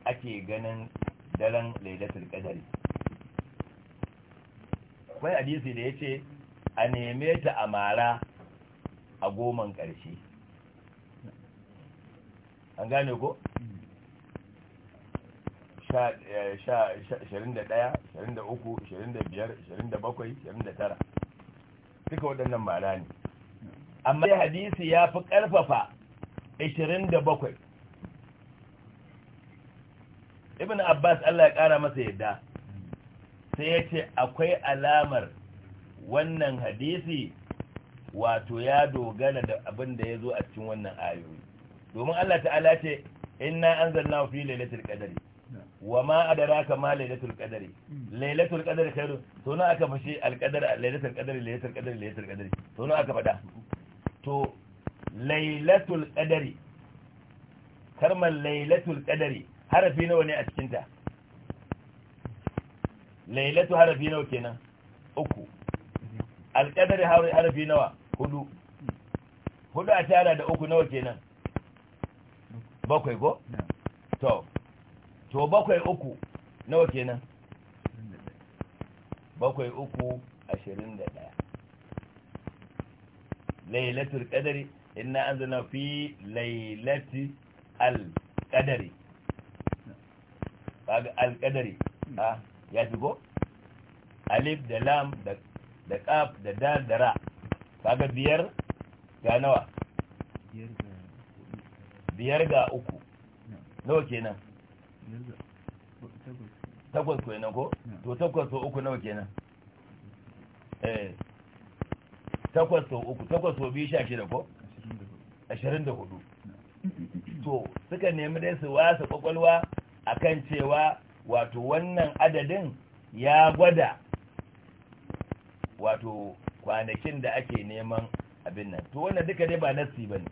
ake ganin daren lailatul kadari? akwai hadisi da ya ce a neme ta a mara. a goman ƙarshe an gane ko? Eh, sha ashirin da ɗaya ashirin da uku ashirin da biyar ashirin da bakwai ashirin da tara Suka waɗannan ma'ana ne amma hadisi ya fi ƙarfafa ashirin da bakwai ibn abbas allah ya ƙara masa yadda sai ya ce akwai alamar wannan hadisi wato ya dogana da abin da ya zo a cikin wannan ayoyi domin Allah ta'ala ce inna anzalna fi lailatul qadri wa ma adraka ma lailatul qadri lailatul qadri khairu to na aka fashe alqadar lailatul qadri lailatul qadri lailatul qadri to na aka fada to lailatul qadri karman lailatul qadri harafi nawa ne a cikin ta lailatu harafi nawa kenan uku alqadri harafi nawa hudu hudu a tara da uku nawa kenan bakwai ko to to bakwai uku nawa kenan bakwai uku ashirin da ɗaya lailatul qadari inna anzalna fi lailati al qadari kaga al qadari hmm. ha ya fi ko alif da lam da da qaf da dal da ra kaga biyar ga nawa biyar ga uku nawa kenan takwas ko ina ko to takwas so uku nawa kenan eh takwas so uku takwas so biyu sha shida ko ashirin da hudu to suka nemi dai su wasa kwakwalwa akan cewa wato wannan adadin ya gwada wato kwanakin da ake neman abin nan to wannan duka dai ba nassi bane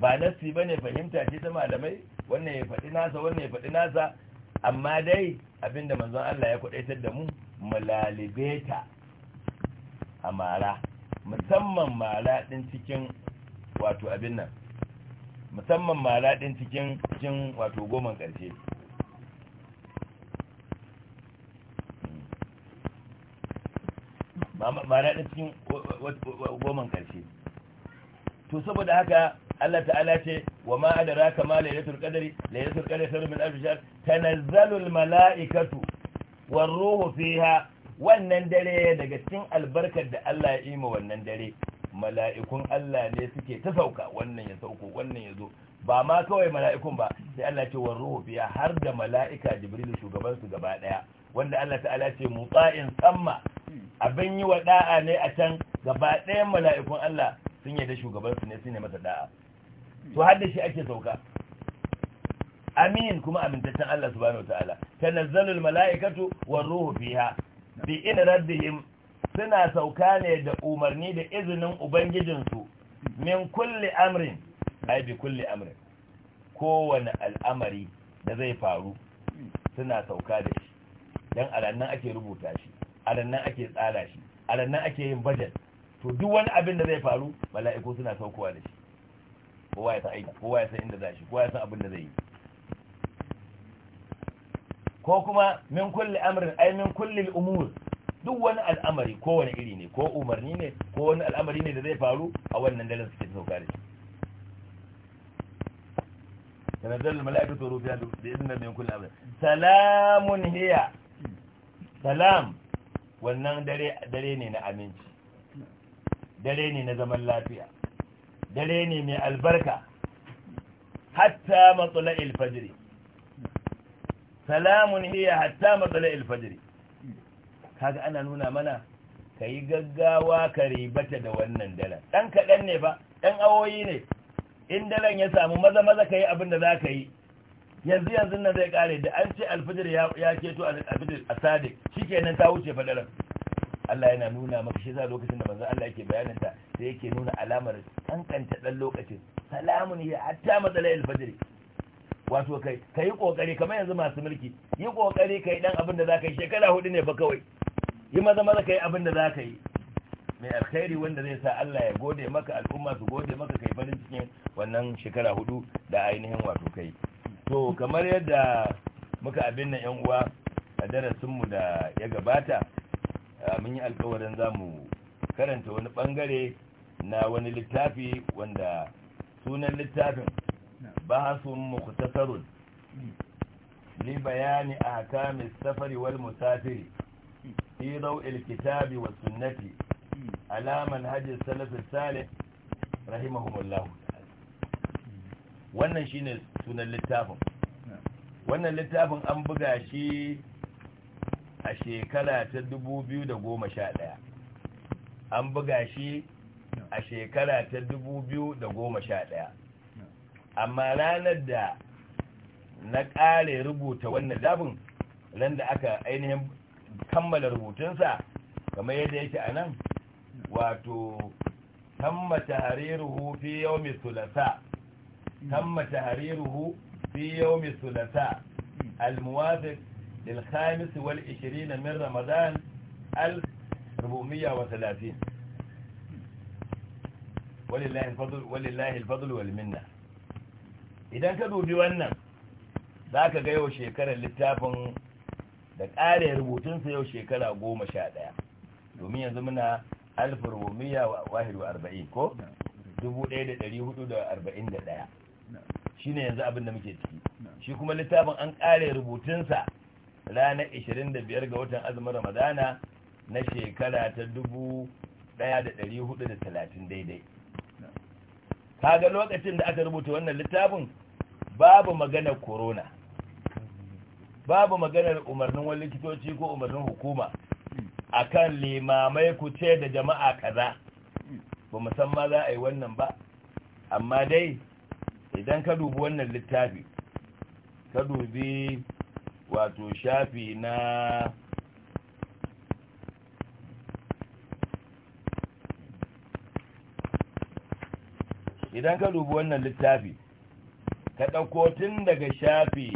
ba nassi bane fahimta ce ta malamai wannan ya faɗi nasa wannan ya faɗi nasa amma dai abinda manzon Allah ya kudaitar da mu mulalibeta a mara musamman mara din cikin wato abin nan musamman mara din cikin cikin wato goman karshe ba na cikin goman ƙarshe. to saboda haka Allah ta'ala ce wa ma adraka ma Qadari, qadri laylatul qadri sirrun min alf shahr tanazzalul mala'ikatu war ruhu fiha wannan dare daga cikin albarkar da Allah ya yi ma wannan dare mala'ikun Allah ne suke ta sauka wannan ya sauko wannan ya zo ba ma kawai mala'ikun ba sai Allah ce war ruhu fiya har da mala'ika jibril shugaban su gaba daya wanda Allah ta'ala ce mutsa'in samma abin yi wa da'a ne a can gaba ɗayan mala'ikun Allah sun yarda shugaban su ne su masa da'a to har da shi ake sauka amin kuma amintaccen Allah subhanahu wataala tanazzalul mala'ikatu war ruhu fiha bi in raddihim suna sauka ne da umarni da izinin su min kulli amrin ai bi kulli amrin kowane al'amari da zai faru suna sauka da shi don alannan ake rubuta shi a nan ake tsara shi a nan ake yin budget to duk wani abin da zai faru mala'iku suna saukowa da shi kowa ya san aiki kowa ya san inda za shi kowa ya san abin da zai yi ko kuma min kulli amrin ay min kulli al-umur duk wani al'amari ko wani iri ne ko umarni ne ko wani al'amari ne da zai faru a wannan daren suke sauka da shi kana al-mala'ikatu da bi idnin min kulli amrin salamun hiya salam wannan dare ne na aminci dare ne na zaman lafiya dare ne mai albarka hatta matsala ilfajiri salamun hiya hatta matsala ilfajiri kaga ana nuna mana ka yi gaggawa ka ribata da wannan dalar ɗan kaɗan ne ba ɗan awoyi ne in daren ya samu maza maza ka yi abin da za ka yi yanzu yanzu nan zai kare da an ce alfijir ya ceto alfijir a sadiq nan ta wuce fadarar Allah yana nuna maka shi za lokacin da manzon Allah yake bayanin ta sai yake nuna alamar kankanta dan lokacin salamun ya hatta matsala alfijir wato kai kai kokari kamar yanzu masu mulki yi kokari kai dan abin da zaka yi shekara hudu ne fa kawai yi maza maza kai abin da zaka yi mai alkhairi wanda zai sa Allah ya gode maka al'umma su gode maka kai farin cikin wannan shekara hudu da ainihin wato kai to kamar yadda muka abin nan yan uwa a darasinmu da ya gabata mun yi alkawarin za mu karanta wani bangare na wani littafi wanda sunan littafin bahasun mukhtasarun li bayani ahkamis safari wal musafiri fi daw'il kitabi wasunnati sunnati ala manhaj salaf salih rahimahumullah wannan shine sunan littafin wannan littafin an buga shi a shekara ta 2011 an buga shi a shekara ta 2011 amma ranar da na kare rubuta wannan labin ran da aka ainihin kammala rubutunsa kamar yadda yake a nan wato tamma hariruhu fi yawmi thulatha تم تحريره في يوم الثلاثاء الموافق للخامس والعشرين من رمضان 1430 ولله الفضل ولله الفضل والمنه idan ka dubi wannan za ka ga yau shekarar littafin da ƙare rubutunsa yau shekara goma sha ɗaya domin yanzu muna alfin rumiya wahid arba'in ko dubu ɗaya da ɗari hudu da arba'in da ɗaya ne yanzu abin da muke ciki shi kuma littafin an ƙare rubutunsa ranar 25 ga watan azumin ramadana na shekara ta 1430 daidai ga lokacin da aka rubuta wannan littafin babu maganar corona babu maganar umarnin wani likitoci ko umarnin hukuma hmm. akan limamai ku ce da jama'a kaza hmm. ba musamman za a yi wannan ba amma dai idan ka dubi wannan littafi ka dubi wato shafi na idan ka dubi wannan littafi ka ɗauko tun daga shafi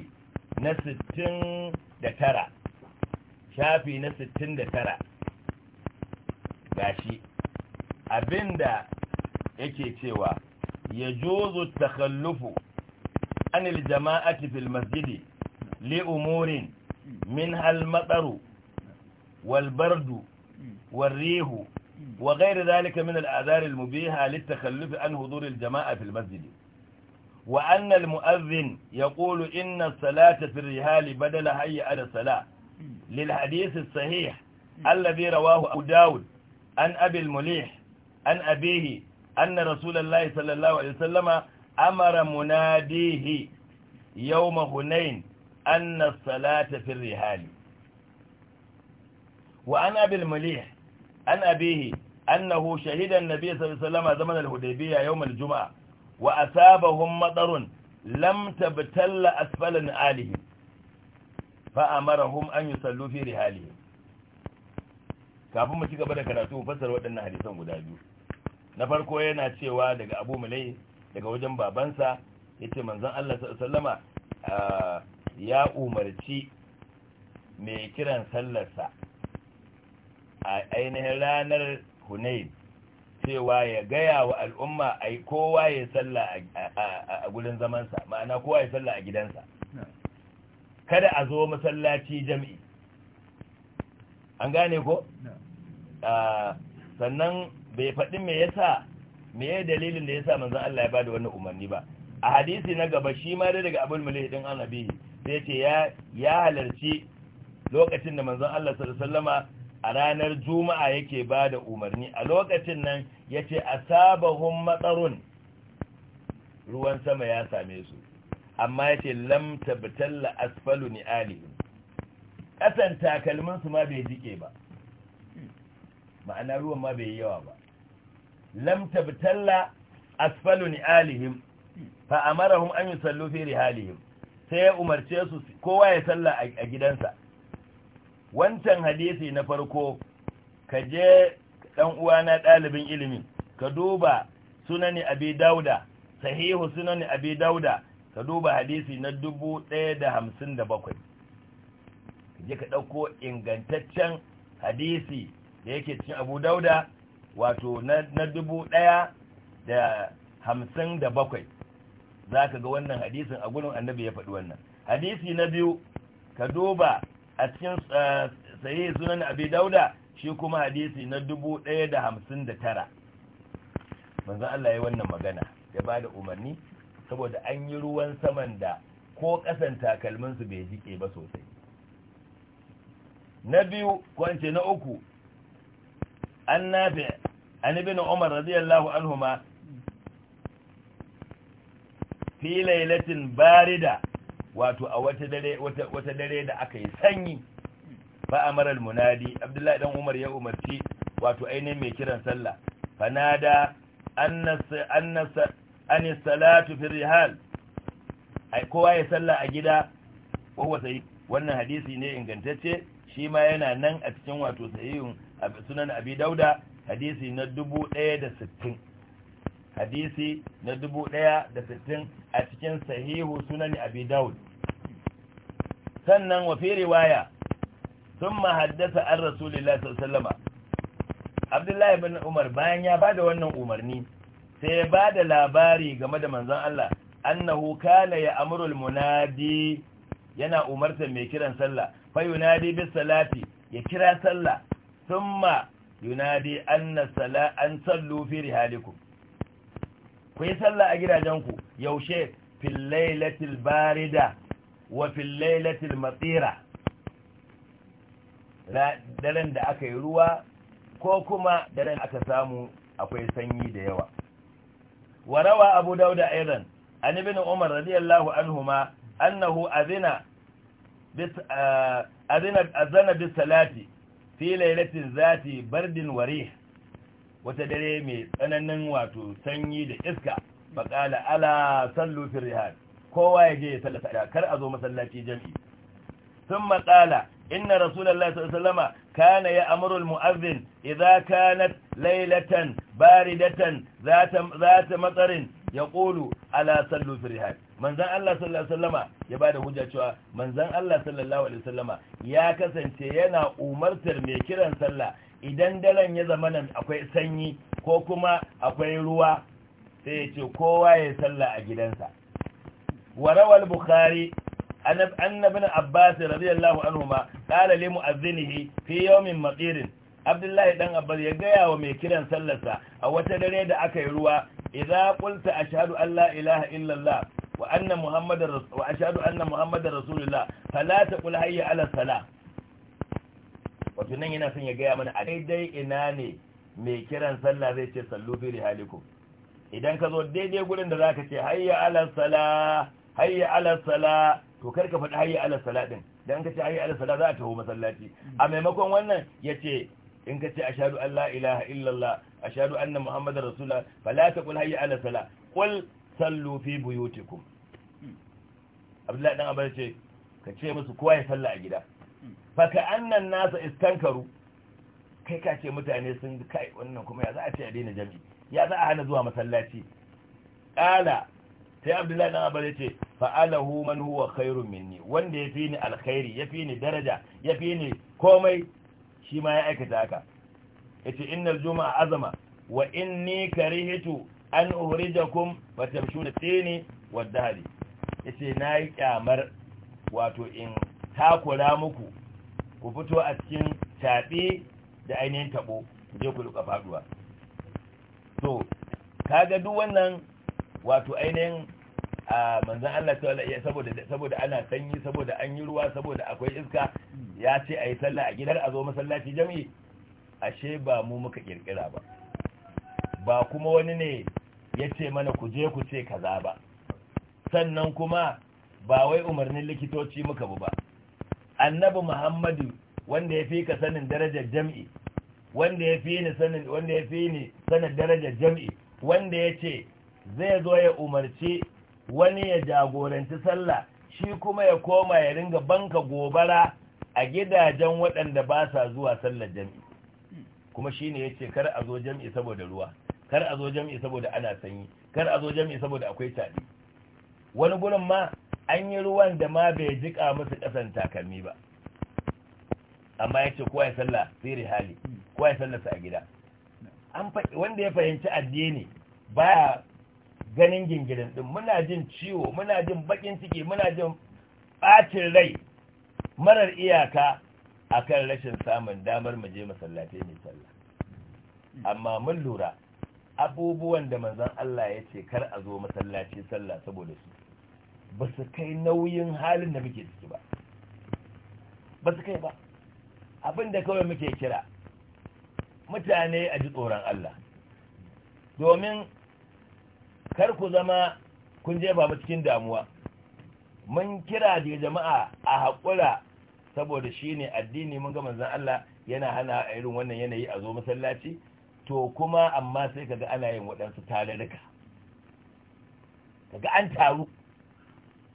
na sittin da tara shafi na sittin da tara gashi abinda yake cewa يجوز التخلف عن الجماعة في المسجد لأمور منها المطر والبرد والريح وغير ذلك من الآثار المبيحة للتخلف عن حضور الجماعة في المسجد وأن المؤذن يقول إن الصلاة في الرهال بدل هي على الصلاة للحديث الصحيح الذي رواه أبو داود عن أبي المليح عن أبيه أن رسول الله صلى الله عليه وسلم أمر مناديه يوم هنين أن الصلاة في الرهال وأن أبي المليح أن أبيه أنه شهد النبي صلى الله عليه وسلم زمن الهديبية يوم الجمعة وأثابهم مطر لم تبتل أسفل نعالهم فأمرهم أن يصلوا في رهالهم kafin mu بدا كراتو فسر karatu حديثا fassara waɗannan na farko yana cewa daga abu mulai daga wajen babansa ya ce manzan Allah sallama ah, ya umarci mai kiran sallarsa a ainihin ranar hunain cewa ya gaya wa al'umma a kowa ya salla a gudun zamansa ma'ana kowa ya salla a gidansa kada a zo masallaci jam'i an gane ko? Ah, sannan bai faɗi me yasa me ya dalilin da yasa manzon Allah ya bada wannan umarni ba a hadisi na gaba shi ma dai daga abul mulih din annabi sai ce ya ya halarci lokacin da manzon Allah sallallahu alaihi wasallama a ranar juma'a yake bada umarni a lokacin nan yace asabahum matarun ruwan sama ya same su amma yace lam tabtalla asfalu ni'alihim kasan takalmin su ma bai jike ba ma'ana ruwan ma bai yi yawa ba lam tabtalla asfalu ni'alihim fa amarahum an yusallu fi rihalihim sai ya umarce su kowa ya salla a gidansa wancan hadisi na farko ka je dan uwana dalibin ilimi ka duba sunani abi dauda sahihu sunani abi dauda ka duba hadisi na 1057 je ka dauko ingantaccen hadisi da yake cikin abu dauda wato na dubu ɗaya da hamsin da bakwai za ka ga wannan hadisin a gudun annabi ya faɗi wannan hadisi na biyu ka duba a cikin tsaye eh, sunan abi dauda shi kuma hadisi na dubu ɗaya da hamsin da tara manzo Allah ya wannan magana ya ba da umarni saboda an yi ruwan saman da ko ƙasan takalminsu bai jike ba sosai na biyu kwance na uku an nafi an ibn umar radiyallahu anhuma fi lailatin barida wato a wata dare wata dare da aka yi sanyi fa amara munadi abdullahi dan umar ya umarci wato ainihin mai kiran sallah fanada annas annas an salatu fi rihal ai kowa ya salla a gida ko wannan hadisi ne ingantacce shi ma yana nan a cikin wato sahihun sunan abi dauda hadisi na dubu ɗaya da sittin hadisi na dubu ɗaya da sittin a cikin sahihu sunan abi daud sannan wa riwaya sun haddasa an rasulillah sallama abdullahi bin umar bayan ya bada wannan umarni sai ya bada labari game da manzon Allah annahu kana ya amurul munadi yana umartar mai kiran sallah fa yunadi bis salati ya kira sallah thumma yunadi anna sala an sallu fi rihalikum ku yi sallah a gidajenku yaushe fil lailatil barida wa fil lailatil matira daren da aka yi ruwa ko kuma daren aka samu akwai sanyi da yawa Warawa rawa abu dauda aidan an ibn umar radiyallahu anhuma annahu azina bis ah, azina azana bis salati fi lailatin zati bardin ware wata dare mai tsananin wato sanyi da iska faƙala ala sallu fi rihal kowa ya je ya sallata da kar a zo masallaci jami'i sun matsala inna rasulallah sallama kana ya amurul mu'azzin idza kanat lailatan baridatan zata zata matsarin yaqulu ala sallu fi rihal manzan Allah sallallahu alaihi wasallama ya bada hujja cewa manzan Allah sallallahu alaihi wasallama ya kasance yana umartar mai kiran sallah idan daren ya zama nan akwai sanyi ko kuma akwai ruwa sai ya ce kowa ya sallah a gidansa warawal bukhari an ibn abbas radiyallahu ma qala li mu'adhdhinihi fi yawmin matirin abdullahi dan abbas ya gaya wa mai kiran sallarsa a wata dare da aka yi ruwa idza qulta ashhadu an la ilaha illallah wa anna muhammadar wa ashhadu anna muhammadar rasulullah fala taqul hayya ala salah yana son ya gaya mana a daidai ina ne mai kiran sallah zai ce sallu fi rihalikum idan ka zo daidai gurin da zaka ce hayya ala salah hayya ala faɗi din dan ka ce ala za a taho masallaci a maimakon wannan yace in ka ce ashhadu an la ilaha illallah ashhadu anna muhammadar rasulullah fala taqul hayya ala qul sallu fi buyutikum abdullahi dan abar ce ka ce musu kowa ya salla a gida fa ka annan nasa istankaru kai ka ce mutane sun kai wannan kuma ya za a ce a daina jami'i ya za a hana zuwa masallaci Ƙala. sai abdullahi dan abar ce fa'alahu man huwa khairun minni wanda yafi ni alkhairi yafi ni daraja yafi ni komai shi ma ya aikata haka yace innal juma'a azama wa inni karihtu an uhrijakum wa tamshuna wadda wa dahri na yi kyamar wato in takura muku ku fito a cikin taɓe da ainihin taɓo je ku luka faduwa to kaga duk wannan wato ainihin a manzan Allah saboda saboda ana sanyi saboda an yi ruwa saboda akwai iska ya ce a yi sallah a gidan a zo masallaci jami'i ashe ba mu muka kirkira ba ba kuma wani ne ya ce mana ku je ku ce kaza ba sannan kuma ba wai umarnin likitoci muka bu ba annabi muhammadu wanda ya fi ka sanin darajar jam'i wanda ya fi ni sanin wanda ya fi ni sanin darajar jam'i wanda ya ce zai zo ya umarci wani ya jagoranci sallah shi kuma ya koma ya ringa banka gobara a gidajen waɗanda ba sa zuwa sallar jam'i kuma shine ya ce kar a zo jam'i saboda ruwa kar a zo jam'i saboda ana sanyi kar a zo jam'i saboda akwai tadi wani gurin ma an yi ruwan da ma bai jika musu kasan takalmi ba amma yace kowa ya sallah sai hali kowa ya sallah sa a gida wanda ya fahimci addini baya ganin gingirin din muna jin ciwo muna jin bakin ciki muna jin bacin rai marar iyaka akan rashin samun damar mu je masallatai mai sallah amma mun lura abubuwan da manzan Allah ya ce kar a zo masallaci sallah saboda su ba su kai nauyin halin da muke ciki ba ba su kai ba abin kawai muke kira mutane a ji tsoron Allah domin kar ku zama kun je ba cikin damuwa mun kira da jama'a a haƙura saboda shi ne addini mun ga manzan Allah yana hana a irin wannan yanayi a zo masallaci to kuma amma sai kaga ana yin waɗansu talarika kaga an taru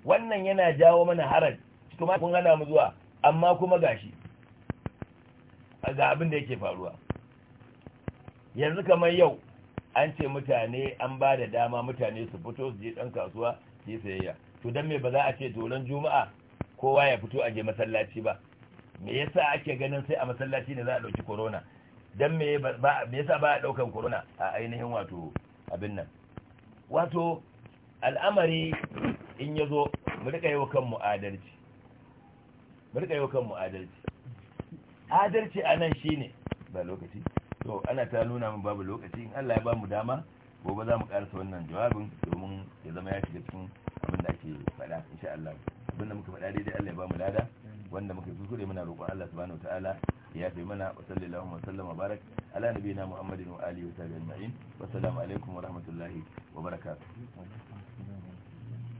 wannan yana jawo mana harar kuma kun hana mu zuwa amma kuma gashi ga abin da yake faruwa yanzu kamar yau an ce mutane an ba da dama mutane su fito su je ɗan kasuwa su yi sayayya to don me ba za a ce dolan juma'a kowa ya fito a je masallaci ba me yasa ake ganin sai a masallaci ne za a ɗauki corona dan me ba me yasa ba daukan corona a ainihin wato abin nan wato al'amari in yazo mu rika yi wa kanmu adalci mu rika yi wa shine ba lokaci to ana ta nuna min babu lokaci in Allah ya ba mu dama gobe za mu karasa wannan jawabin domin ya zama ya shiga cikin abin da ake faɗa insha Allah abin da muka faɗa daidai Allah ya ba mu lada wanda muka kuskure muna roƙon Allah subhanahu ta'ala ya fi mana wa sallallahu wa barak ala na muhammadin wa aliyu wa sahbihi ajma'in wa alaikum wa rahmatullahi wa baraka.